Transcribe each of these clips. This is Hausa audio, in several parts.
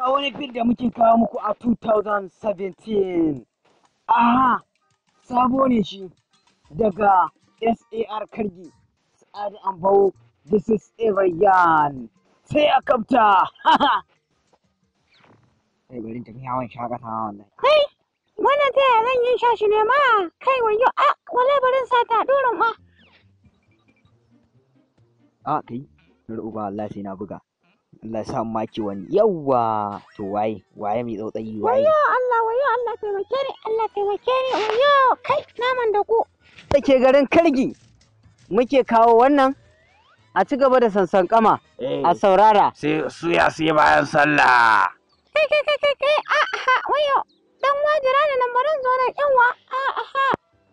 Ga wani bil da muke kawo muku a 2017. Aha, sabo ne shi daga SAR Kargi. Sa'ad Ambawo, this is Everyan. Sai a kamta. kafta. Kai bari tafi yawon shakatawa wannan. Kai, wannan ta zan yi shashi ne ma. Kai wayo a wala barin sata doron ma. A kai, na uba Allah sai na buga. Allah sa maki wani yawwa to waye waye mai tsautsayi waye wayo Allah wayo Allah taimake ni Allah taimake ni wayo kai naman da ku take garin kargi muke kawo wannan a ci gaba da sansan kama eh. a saurara sai su yi bayan sallah kai kai kai kai kai a ha wayo dan wajira da nan barin zo na yawa a ha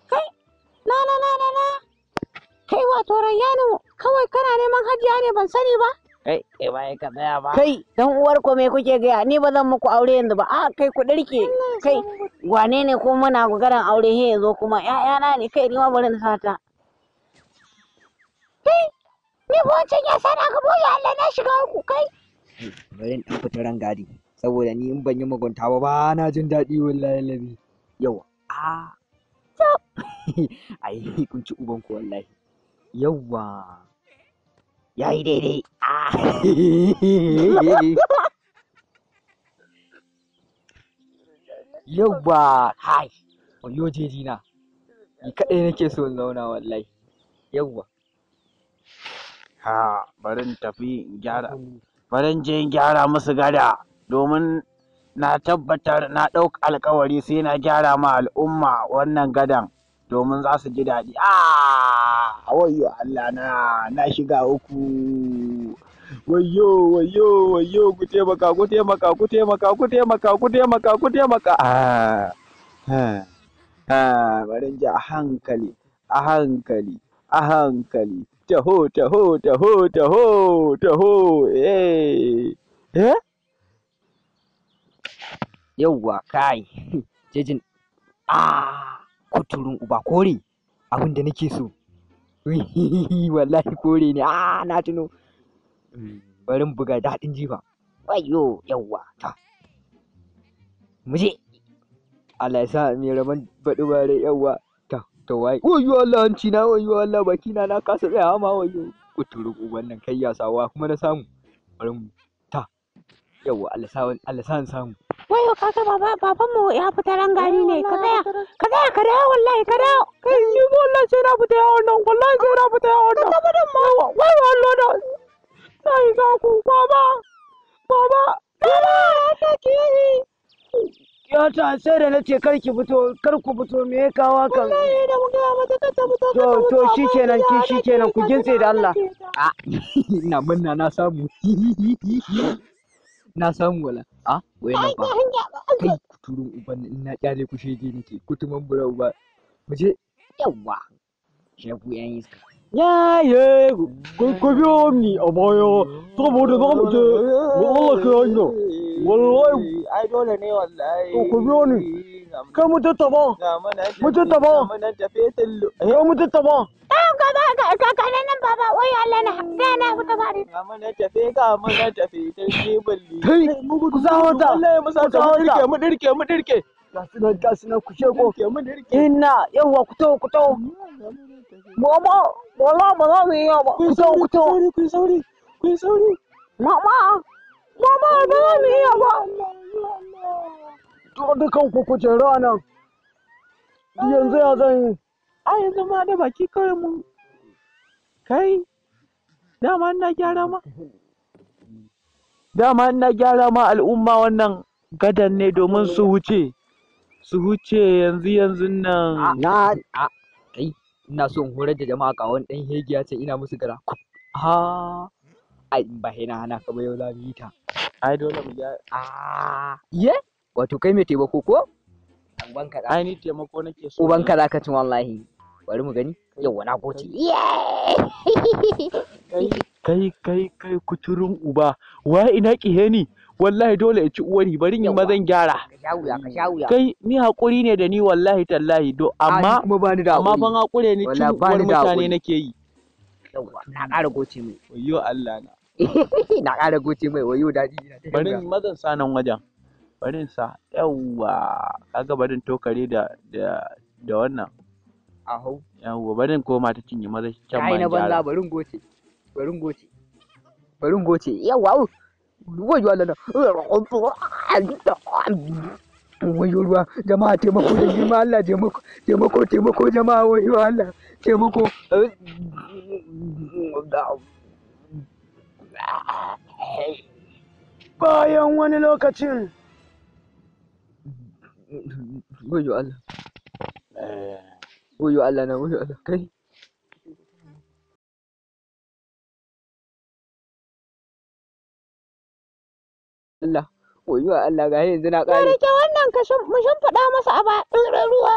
kai la la la la kai wato rayyanu kawai kana neman hajiya ne ban sani ba Kai, kai ba ka tsaya ba. Kai, dan uwar ko me kuke gaya? Ni ba zan muku aure yanzu ba. A kai ku dirke. Kai, wane ne ko muna gugaran aure he zo kuma ƴaƴana ne kai ni ma bari na sata. Kai, ni ko wancan ya sana ka ya Allah na shiga ku kai. Bari in dan fita rangadi saboda ni in ban yi mugunta ba ba na jin daɗi wallahi labi. Yau, A. Ai kun ci wallahi. Yawa. Yayi daidai. yawwa kai wayo jeji na ni kadai nake so in zauna wallahi yawwa ha bari in tafi in gyara bari in je in gyara musu gada domin na tabbatar na ɗauka alkawari sai na gyara ma al'umma wannan gadan domin za su ji daɗi a ah! wayo Allah na na shiga uku wayo wayo wayo ku taimaka ku taimaka ku taimaka ku taimaka ku taimaka ku taimaka ah! a bari ji a hankali a hankali a hankali taho taho taho taho taho eh eh yauwa kai jejin ah kuturun uba kore abin da nake so wallahi kore ne ah na tuno bari mu buga daɗin jifa wayo yawwa ta mu je Allah ya sa mai raman baɗi bare yawwa ta ta wai wayo Allah hanci na wayo Allah baki na na kasa tsaya ma wayyo kuturu nan kai ya sawa kuma na samu bari mu ta yawwa Allah sa Allah sa samu Wai, ka ga baba baban mu ya fita rangani ne ka tsaya ka tsaya ka dawo wallahi ka dawo kai ni wallahi sai na fita yawon nan wallahi sai na fita yawon nan ka da ma wayo Allah da sai ga ku baba baba baba ta kiri ya ta sai da nace kar ki fito kar ku fito me ya kawo kan wallahi da mata ka ta fito to to shikenan ki shikenan ku gintse da Allah a ah, ina munna na samu na samu wala a wayan ba kai kuturun uban in na kyale ku shege nake kutuman bura uba mu je yawa shegu yan iska ya ye ko biyo ni a baya saboda za mu je wallahi Allah ka hanya wallahi ai dole ne wallahi ko biyo ni kai mutu tabo mutu tabo kai mutu tabo ka ba ka kakanin nan baba wai Allah na dana ba ga tafe ga tafe ta kai mugu zawata mu mu dirke mu dirke mu dirke gasu nan gasu nan ku shego ina yawa ku tawo ku mama wala ba ne yawa ku tawo ku ku sauri ku sauri mama mama ba yawa dukan ku kujeru a nan yanzu ya zan yi a yanzu ma da baki kawai mun kai dama na gyara ma dama na gyara ma al'umma wannan gadan ne domin su huce su huce yanzu yanzu nan na kai ina so in horar da jama'a kawon dan hegiya ce ina musu gara ha ai ba hina hana ka ba yau za mu yi ta ai dole mu ga a ye wato kai mai taimako ko uban kaza ai taimako nake so uban kaza ka cin wallahi bari mu gani yawa na goce kai kai kai kuturun uba wa ina kihe ni wallahi dole in ci uwani bari in mazan gyara kai ni hakuri ne da ni wallahi tallahi do amma amma ban hakure ni ci uwar mutane nake yi na ƙara goce mai wayo Allah na na ƙara goce mai wayo daji bari mazan sanan wajen barinsa yawwa kaga barin tokare da da da wannan aho hau yawwa barin koma ta cinye maza can ma na banza barin goce barin goce barin goce yawwa wayo Allah wayo ruwa jama'a taimako da girma Allah taimako taimako taimako jama'a wayo Allah taimako bayan wani lokacin Goyo Allah. Eh. Goyo Allah na goyo Allah kai. Allah. Goyo Allah ga yanzu na ƙare. Rike wannan ka mu shimfiɗa masa a baɗin ruwa.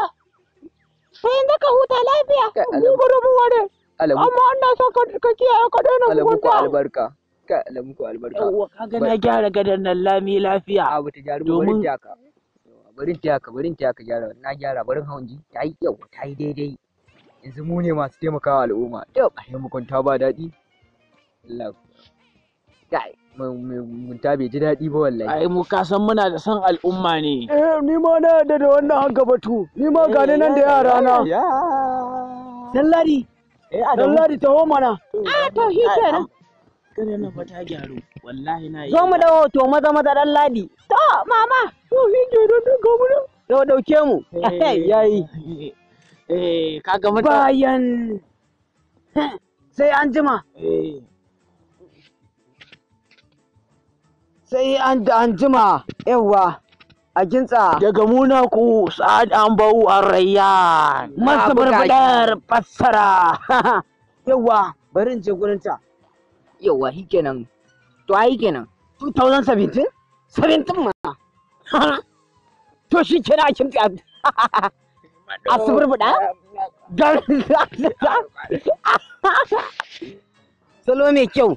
Sai yanzu ka huta lafiya. Guguru buware. Amma an sa ka kiyaye ka daina mugunta. Allah albarka. ka Allah muku albarka. Yawwa kaga na gyara gadon nan lami lafiya. Domin barin ta yaka ka ta in gyara na gyara barin hawan ji ta yi yau ta yi daidai yanzu mu ne masu taimakawa al'umma da a yi ta ba daɗi mun ta bai ji daɗi ba wallahi ai mu ka san muna da san al'umma ne eh ni ma na yarda da wannan haka tu ni ma ga ni nan da eh, yara na sallari eh adamu sallari taho mana a ah, to shi kenan kada na fata gyaru wallahi na yi zo mu da hoto maza maza dan ladi to mama to shi ke don duka mu da dauke mu yayi eh, eh kaga mata bayan sai an jima eh. sai an an jima yawa a kintsa daga muna ku sa'ad an bau an rayyan masu fassara yawa bari in je gurin ta yawa shi kenan to ai kenan 2017 sabintin ma to shi kenan a kimta a suburbuɗa salo mai kyau